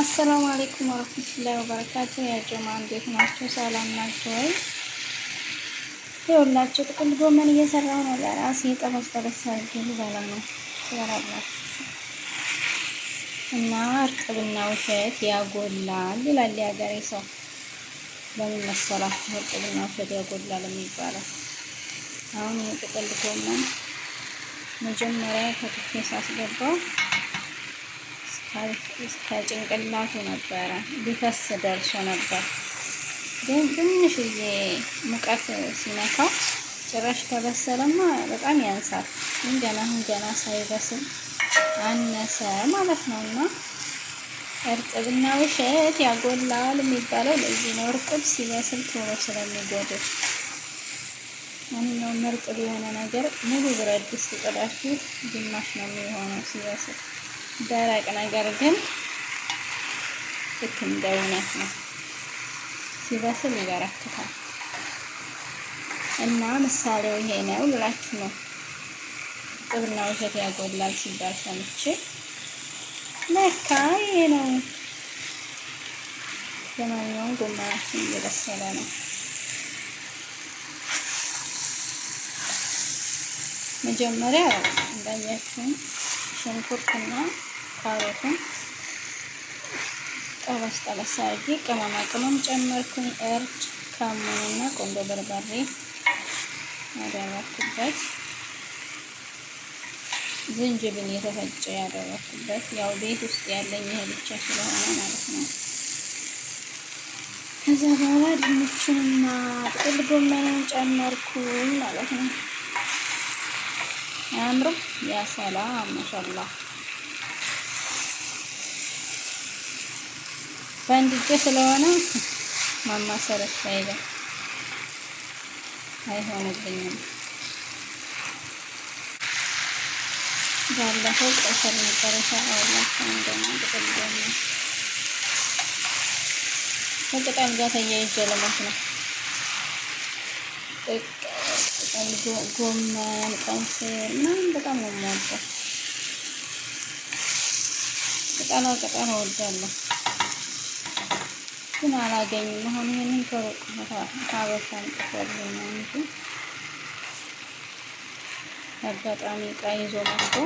አሰላሙ አለይኩም ወረህመቱላሂ ወበረካቱ። ያጀማ እንዴት ናቸው? ሰላም ናቸው ወይ? ይኸውላችሁ ጥቅል ጎመን እየሰራሁ ነው ለራሴ ጠበስ ጠበስ አድርጌ ልበላ ነው ትበላላችሁ። እና እርጥብና ውሸት ያጎላል ይላል የሀገሬ ሰው። በምን መሰላችሁ እርጥብና ውሸት ያጎላል የሚባለው? አሁን የጥቅል ጎመን መጀመሪያ ከትፌ ሳስገባው ከጭንቅላቱ ነበረ ሊፈስ ደርሶ ነበር። ግን ትንሽዬ ሙቀት ሲነካው ጭራሽ ከበሰለማ በጣም ያንሳል። ግን ገና አሁን ገና ሳይበስል አነሰ ማለት ነው እና እርጥብና ውሸት ያጎላል የሚባለው ለዚህ ነው። እርጥብ ሲበስል ቶሎ ስለሚጎድል ማንኛውም እርጥብ የሆነ ነገር ሙሉ ብረት ድስት ጥዳችሁ ግማሽ ነው የሚሆነው ሲበስል ደረቅ ነገር ግን ልክ እንደ እውነት ነው። ሲበስል ይበረክታል እና ምሳሌው ይሄ ነው ብላችሁ ነው። ጥብና ውሸት ያጎላል ሲባል ሰምቼ ለካ ይሄ ነው። ለማንኛውም ጎመናችን እየበሰለ ነው። መጀመሪያ እንዳያችሁን ሽንኩርትና ካሮቱን ጠበስ ጠበስ አድርጌ ቅመማ ቅመም ጨመርኩኝ። እርድ ካሙንና ቆንጆ በርበሬ ያደረኩበት፣ ዝንጅብል የተፈጨ ያደረኩበት፣ ያው ቤት ውስጥ ያለኝ ይሄ ብቻ ስለሆነ ማለት ነው። ከዛ በኋላ ድንቹንና ጥቅል ጎመንን ጨመርኩኝ ማለት ነው። አያምርም? ያ ሰላም ማሻላ። በአንድ እጄ ስለሆነ ማማሰረት አይደል አይሆንልኝም። ባለፈው ቀሰር መጨረሻ አላቸው እንደኛ ቅጠል ደግሞ ጋር ተያይዤ ለሞት ነው ጎመን፣ ቀይ ስር ምናምን በጣም ነው የምወደው። ቅጠላ ቅጠል እወዳለሁ ግን አላገኝም። አሁን ይሄንን ከሩቅ ሀበሻ እንጥፈልኝ እንጂ አጋጣሚ እቃ ይዞ መጥቶ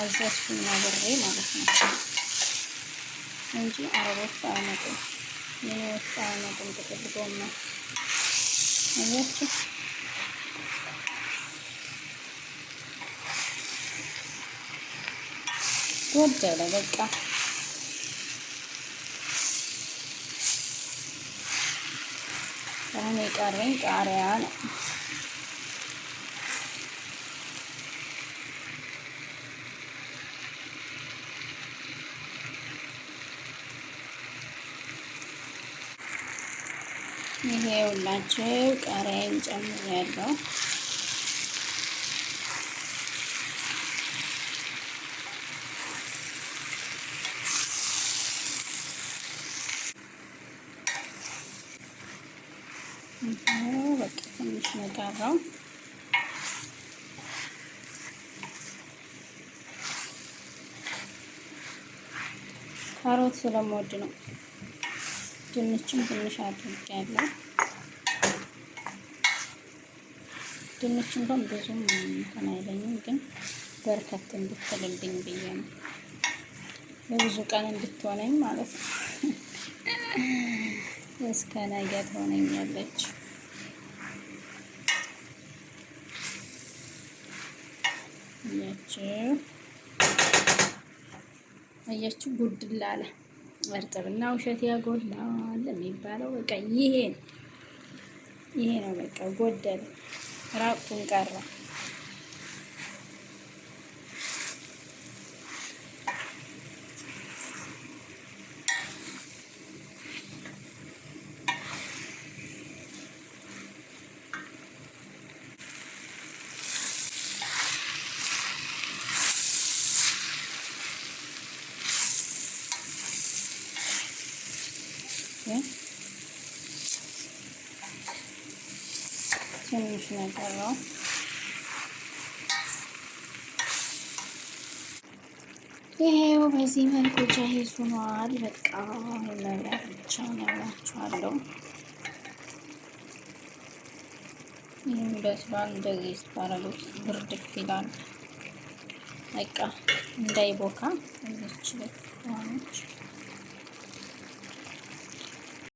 አዘዝኩና ብሬ ማለት ነው እንጂ አረቦች አያመጡም፣ የኔዎች አያመጡም ጥቅል ጎመን ஊற்றி போட்டட வைக்கா காரம் காரையான ይሄ ሁላችሁ ቃሪያን ጨምር ያለው በቃ ትንሽ ካሮት ስለምወድ ነው። ድንችም ትንሽ አድርጌያለሁ። ድንች እንኳን ብዙም እንትን አይለኝም፣ ግን በርከት እንድትልልኝ ብዬ ነው ለብዙ ቀን እንድትሆነኝ ማለት ነው። እስከ ነገ ትሆነኛለች። አያችሁ አያችሁ፣ እርጥብና ውሸት ያጎላል የሚባለው በቃ ይሄ ይሄ ነው። በቃ ጎደል ራቁን ቀረ። ትንሽ ነገር ነው። ይሄው በዚህ መልኩ ጃሂዝ ሆኗል። በቃ መብላት ብቻ ነግራችኋለሁ። ይህም በስሏል። እንደዚህ ስታረጉት ብርድፍ ይላል። በቃ እንዳይቦካ እዚች ሆነች።